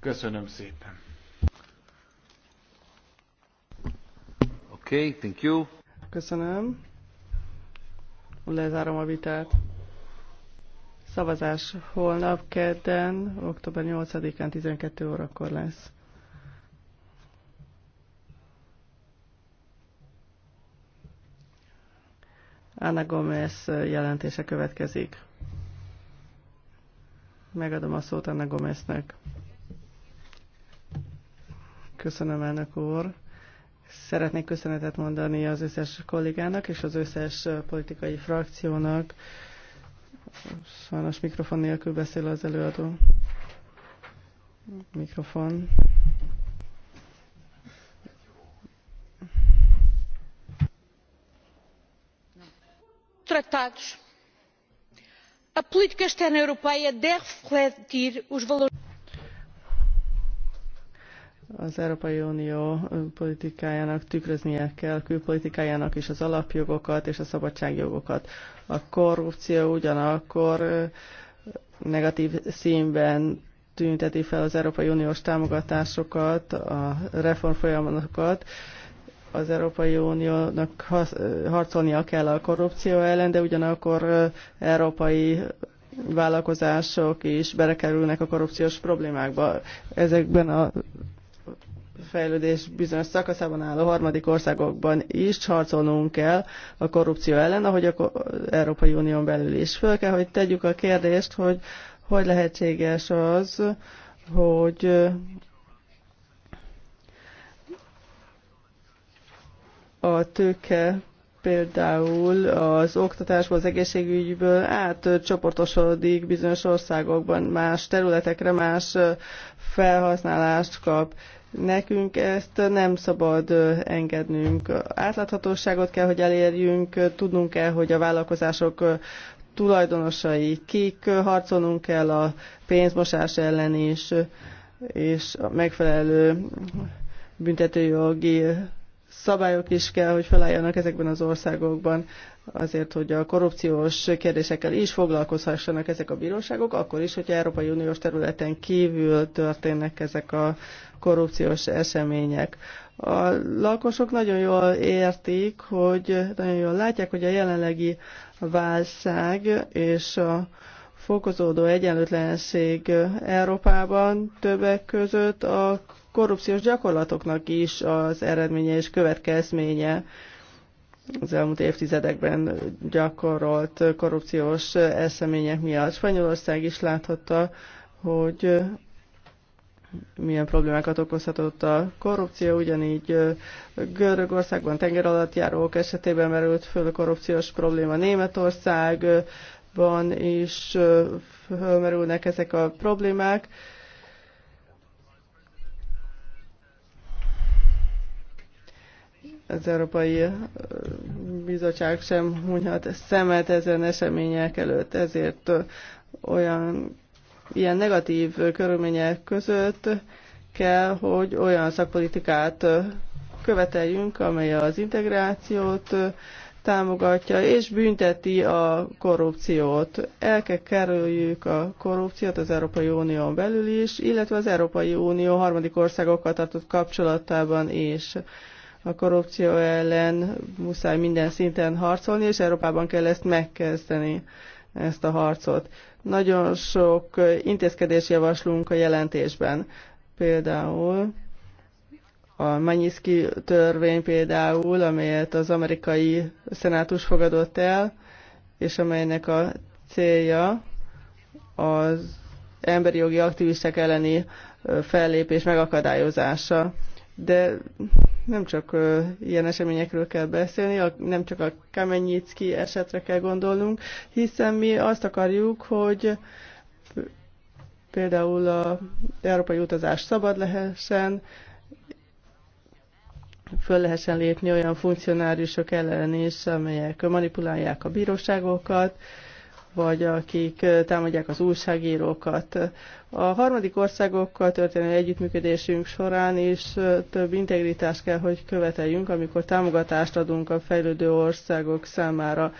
Köszönöm szépen. Oké, okay, thank you. Köszönöm. Lezárom a vitát. Szavazás holnap kedden, október 8-án 12 órakor lesz. Anna Gomez jelentése következik. Megadom a szót Anna Gomeznek. Köszönöm, elnök úr. Szeretnék köszönetet mondani az összes kollégának és az összes politikai frakciónak. Sajnos mikrofon nélkül beszél az előadó. Mikrofon. Tratados a política externa europeia deve refletir os valores az Európai Unió politikájának tükröznie kell külpolitikájának is az alapjogokat és a szabadságjogokat. A korrupció ugyanakkor negatív színben tünteti fel az Európai Uniós támogatásokat, a reform reformfolyamatokat, az Európai Uniónak harcolnia kell a korrupció ellen, de ugyanakkor európai vállalkozások is belekerülnek a korrupciós problémákba. Ezekben a fejlődés bizonyos szakaszában álló harmadik országokban is harcolnunk kell a korrupció ellen, ahogy az Európai Unión belül is. Föl kell, hogy tegyük a kérdést, hogy hogy lehetséges az, hogy a tőke például az oktatásból, az egészségügyből átcsoportosodik bizonyos országokban, más területekre más felhasználást kap. Nekünk ezt nem szabad engednünk. Átláthatóságot kell, hogy elérjünk, tudnunk kell, hogy a vállalkozások tulajdonosai kik, harcolnunk kell a pénzmosás ellen is, és a megfelelő büntetőjogi szabályok is kell, hogy felálljanak ezekben az országokban, azért, hogy a korrupciós kérdésekkel is foglalkozhassanak ezek a bíróságok, akkor is, hogy Európai Uniós területen kívül történnek ezek a korrupciós események. A lakosok nagyon jól értik, hogy nagyon jól látják, hogy a jelenlegi válság és a fokozódó egyenlőtlenség Európában többek között a korrupciós gyakorlatoknak is az eredménye és következménye az elmúlt évtizedekben gyakorolt korrupciós események miatt. Spanyolország is láthatta, hogy milyen problémákat okozhatott a korrupció, ugyanígy Görögországban járók esetében merült föl a korrupciós probléma Németországban is fölmerülnek ezek a problémák az Európai Bizottság sem hunyhat szemet ezen események előtt. Ezért olyan ilyen negatív körülmények között kell, hogy olyan szakpolitikát követeljünk, amely az integrációt támogatja és bünteti a korrupciót. El kell kerüljük a korrupciót az Európai Unión belül is, illetve az Európai Unió harmadik országokkal tartott kapcsolatában is. A korrupció ellen muszáj minden szinten harcolni, és Európában kell ezt megkezdeni, ezt a harcot. Nagyon sok intézkedés javaslunk a jelentésben. Például a Manyiszki törvény például, amelyet az amerikai szenátus fogadott el, és amelynek a célja az emberi jogi aktivisták elleni fellépés megakadályozása de nem csak ilyen eseményekről kell beszélni, nem csak a Kamenyicki esetre kell gondolnunk, hiszen mi azt akarjuk, hogy például a európai utazás szabad lehessen, föl lehessen lépni olyan funkcionáriusok ellen is, amelyek manipulálják a bíróságokat, vagy akik támadják az újságírókat. A harmadik országokkal történő együttműködésünk során is több integritást kell, hogy követeljünk, amikor támogatást adunk a fejlődő országok számára.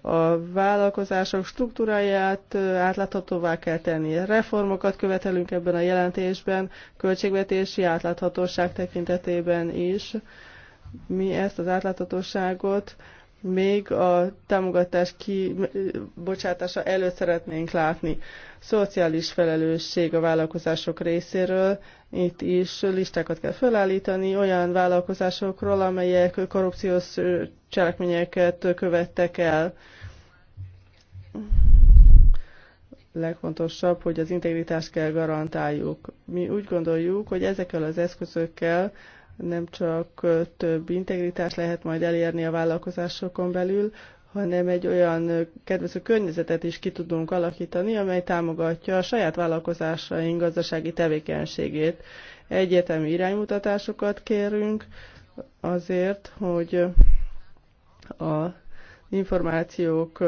A vállalkozások struktúráját átláthatóvá kell tenni. Reformokat követelünk ebben a jelentésben, költségvetési átláthatóság tekintetében is. Mi ezt az átláthatóságot még a támogatás kibocsátása előtt szeretnénk látni. Szociális felelősség a vállalkozások részéről, itt is listákat kell felállítani olyan vállalkozásokról, amelyek korrupciós cselekményeket követtek el. Legfontosabb, hogy az integritást kell garantáljuk. Mi úgy gondoljuk, hogy ezekkel az eszközökkel nem csak több integritást lehet majd elérni a vállalkozásokon belül, hanem egy olyan kedvező környezetet is ki tudunk alakítani, amely támogatja a saját vállalkozásaink gazdasági tevékenységét. Egyetemi iránymutatásokat kérünk azért, hogy a információk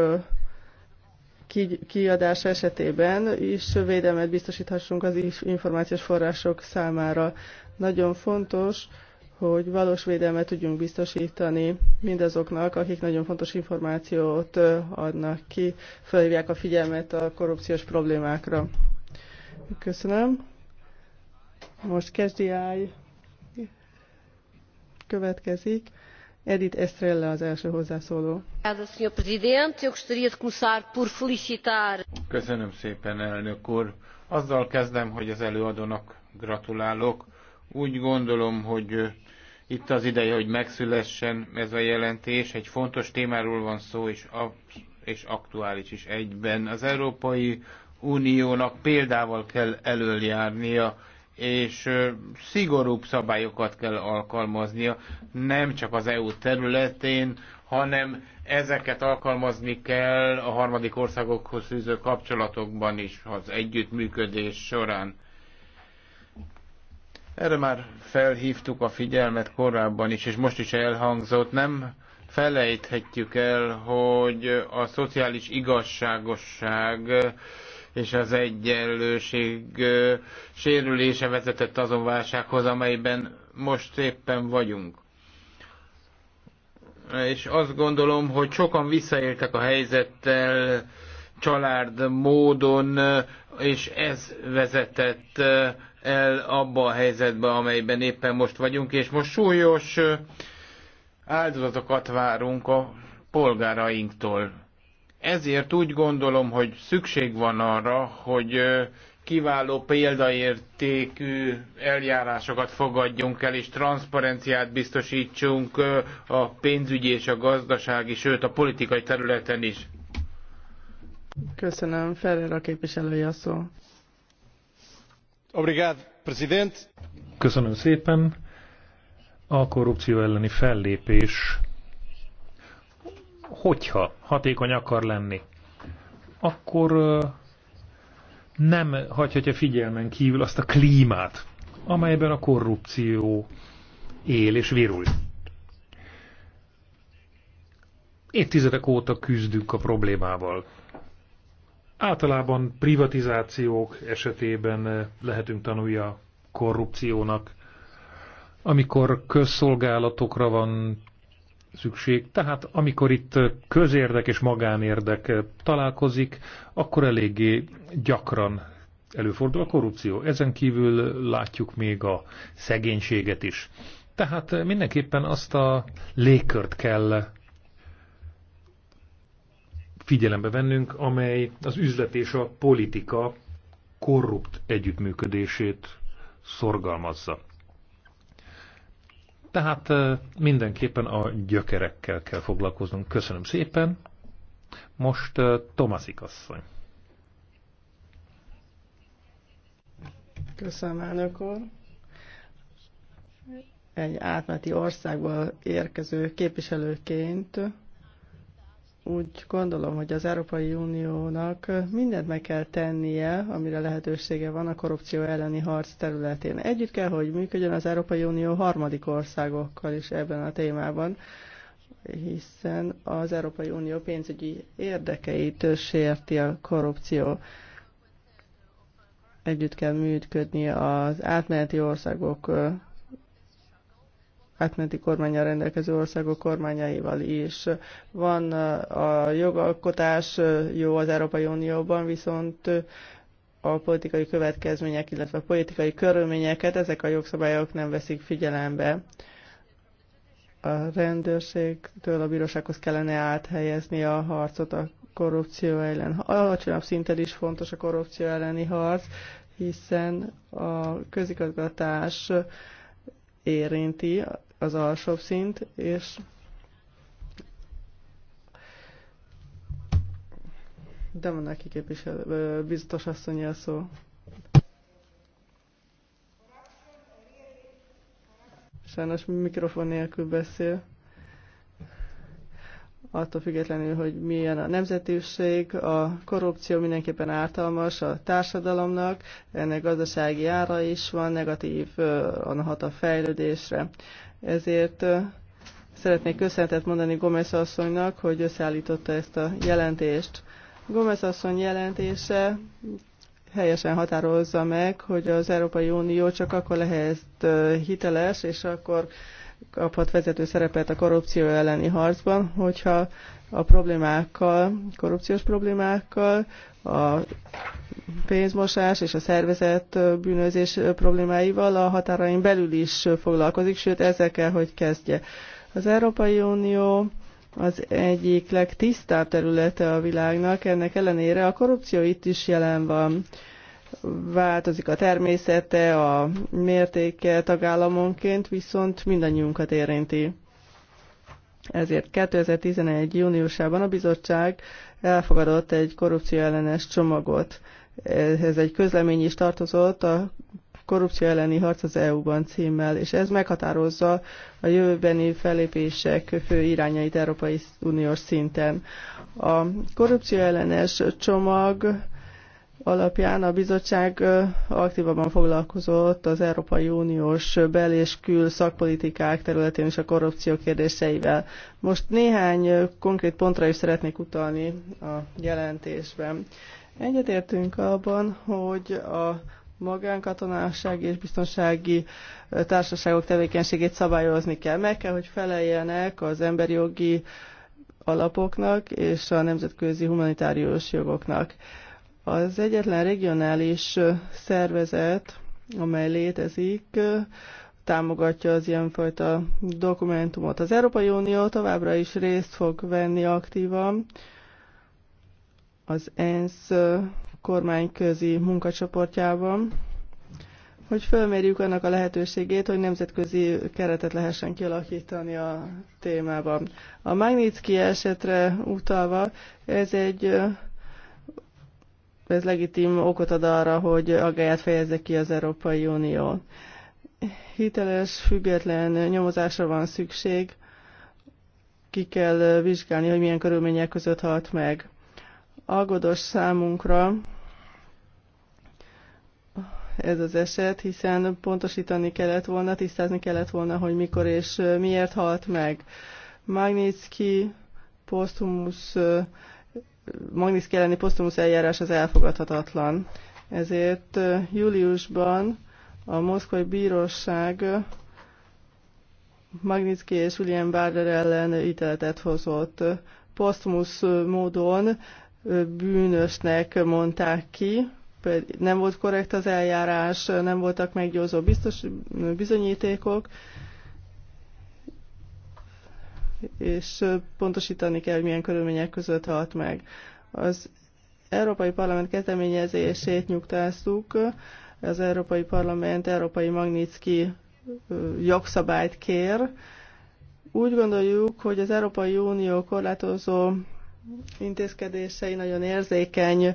kiadása esetében is védelmet biztosíthassunk az információs források számára. Nagyon fontos, hogy valós védelmet tudjunk biztosítani mindazoknak, akik nagyon fontos információt adnak ki, felhívják a figyelmet a korrupciós problémákra. Köszönöm. Most kezdjáj. Következik. Edith Estrella az első hozzászóló. Köszönöm szépen, elnök úr. Azzal kezdem, hogy az előadónak gratulálok úgy gondolom, hogy itt az ideje, hogy megszülessen ez a jelentés. Egy fontos témáról van szó, és, és aktuális is egyben. Az Európai Uniónak példával kell elöljárnia, és szigorúbb szabályokat kell alkalmaznia, nem csak az EU területén, hanem ezeket alkalmazni kell a harmadik országokhoz fűző kapcsolatokban is, az együttműködés során. Erre már felhívtuk a figyelmet korábban is, és most is elhangzott. Nem felejthetjük el, hogy a szociális igazságosság és az egyenlőség sérülése vezetett azon válsághoz, amelyben most éppen vagyunk. És azt gondolom, hogy sokan visszaéltek a helyzettel család módon, és ez vezetett el abba a helyzetbe, amelyben éppen most vagyunk, és most súlyos áldozatokat várunk a polgárainktól. Ezért úgy gondolom, hogy szükség van arra, hogy kiváló példaértékű eljárásokat fogadjunk el, és transzparenciát biztosítsunk a pénzügyi és a gazdasági, sőt a politikai területen is. Köszönöm, Ferrer a képviselői a szó. Köszönöm szépen. A korrupció elleni fellépés, hogyha hatékony akar lenni, akkor nem hagyhatja figyelmen kívül azt a klímát, amelyben a korrupció él és virul. Évtizedek óta küzdünk a problémával. Általában privatizációk esetében eh, lehetünk tanulja korrupciónak, amikor közszolgálatokra van szükség. Tehát amikor itt eh, közérdek és magánérdek eh, találkozik, akkor eléggé gyakran előfordul a korrupció. Ezen kívül látjuk még a szegénységet is. Tehát mindenképpen azt a légkört kell figyelembe vennünk, amely az üzlet és a politika korrupt együttműködését szorgalmazza. Tehát eh, mindenképpen a gyökerekkel kell foglalkoznunk. Köszönöm szépen. Most eh, Tomaszik asszony. Köszönöm, elnök úr. Egy átmeneti országból érkező képviselőként úgy gondolom, hogy az Európai Uniónak mindent meg kell tennie, amire lehetősége van a korrupció elleni harc területén. Együtt kell, hogy működjön az Európai Unió harmadik országokkal is ebben a témában, hiszen az Európai Unió pénzügyi érdekeit sérti a korrupció. Együtt kell működni az átmeneti országok átmeneti kormányjal rendelkező országok kormányaival is. Van a jogalkotás jó az Európai Unióban, viszont a politikai következmények, illetve a politikai körülményeket ezek a jogszabályok nem veszik figyelembe. A rendőrségtől a bírósághoz kellene áthelyezni a harcot a korrupció ellen. Alacsonyabb szinten is fontos a korrupció elleni harc, hiszen a közigazgatás érinti az alsóbb szint, és de van neki képviselő, biztos asszony szó. Sajnos mikrofon nélkül beszél attól függetlenül, hogy milyen a nemzetűség, a korrupció mindenképpen ártalmas a társadalomnak, ennek gazdasági ára is van, negatív a hat a fejlődésre. Ezért szeretnék köszönetet mondani Gomez asszonynak, hogy összeállította ezt a jelentést. Gomez asszony jelentése helyesen határozza meg, hogy az Európai Unió csak akkor lehet hiteles, és akkor kaphat vezető szerepet a korrupció elleni harcban, hogyha a problémákkal, korrupciós problémákkal, a pénzmosás és a szervezett bűnözés problémáival a határain belül is foglalkozik, sőt ezekkel, hogy kezdje. Az Európai Unió az egyik legtisztább területe a világnak, ennek ellenére a korrupció itt is jelen van változik a természete, a mértéke tagállamonként, viszont mindannyiunkat érinti. Ezért 2011. júniusában a bizottság elfogadott egy korrupcióellenes csomagot. Ez egy közlemény is tartozott a korrupció elleni harc az EU-ban címmel, és ez meghatározza a jövőbeni fellépések fő irányait Európai Uniós szinten. A korrupció ellenes csomag alapján a bizottság aktívabban foglalkozott az Európai Uniós bel- és kül szakpolitikák területén is a korrupció kérdéseivel. Most néhány konkrét pontra is szeretnék utalni a jelentésben. Egyetértünk abban, hogy a magánkatonásság és biztonsági társaságok tevékenységét szabályozni kell. Meg kell, hogy feleljenek az emberi jogi alapoknak és a nemzetközi humanitárius jogoknak az egyetlen regionális szervezet, amely létezik, támogatja az ilyenfajta dokumentumot. Az Európai Unió továbbra is részt fog venni aktívan az ENSZ kormányközi munkacsoportjában, hogy fölmérjük annak a lehetőségét, hogy nemzetközi keretet lehessen kialakítani a témában. A Magnitsky esetre utalva, ez egy ez legitim okot ad arra, hogy agáját fejezze ki az Európai Unió. Hiteles, független nyomozásra van szükség, ki kell vizsgálni, hogy milyen körülmények között halt meg. Aggodos számunkra ez az eset, hiszen pontosítani kellett volna, tisztázni kellett volna, hogy mikor és miért halt meg. Magnitsky posztumusz Magnitsky elleni posztumusz eljárás az elfogadhatatlan. Ezért júliusban a Moszkvai Bíróság Magnitsky és William Barder ellen ítéletet hozott. Posztumusz módon bűnösnek mondták ki, nem volt korrekt az eljárás, nem voltak meggyőző biztos, bizonyítékok, és pontosítani kell, hogy milyen körülmények között halt meg. Az Európai Parlament kezdeményezését nyugtáztuk, az Európai Parlament Európai Magnitsky jogszabályt kér. Úgy gondoljuk, hogy az Európai Unió korlátozó intézkedései nagyon érzékeny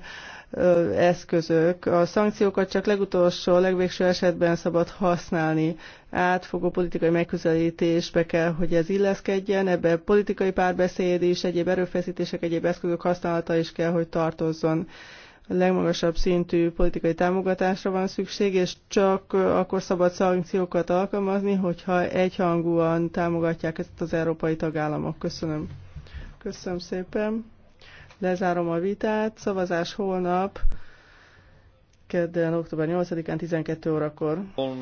eszközök. A szankciókat csak legutolsó, legvégső esetben szabad használni. Átfogó politikai megközelítésbe kell, hogy ez illeszkedjen, ebbe politikai párbeszéd is, egyéb erőfeszítések, egyéb eszközök használata is kell, hogy tartozzon. A legmagasabb szintű politikai támogatásra van szükség, és csak akkor szabad szankciókat alkalmazni, hogyha egyhangúan támogatják ezt az európai tagállamok. Köszönöm. Köszönöm szépen. Lezárom a vitát. Szavazás holnap, kedden, október 8-án 12 órakor. On,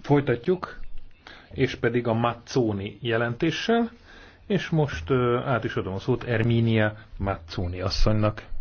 Folytatjuk, és pedig a Mazzoni jelentéssel, és most át is adom a szót Erminia Mazzoni asszonynak.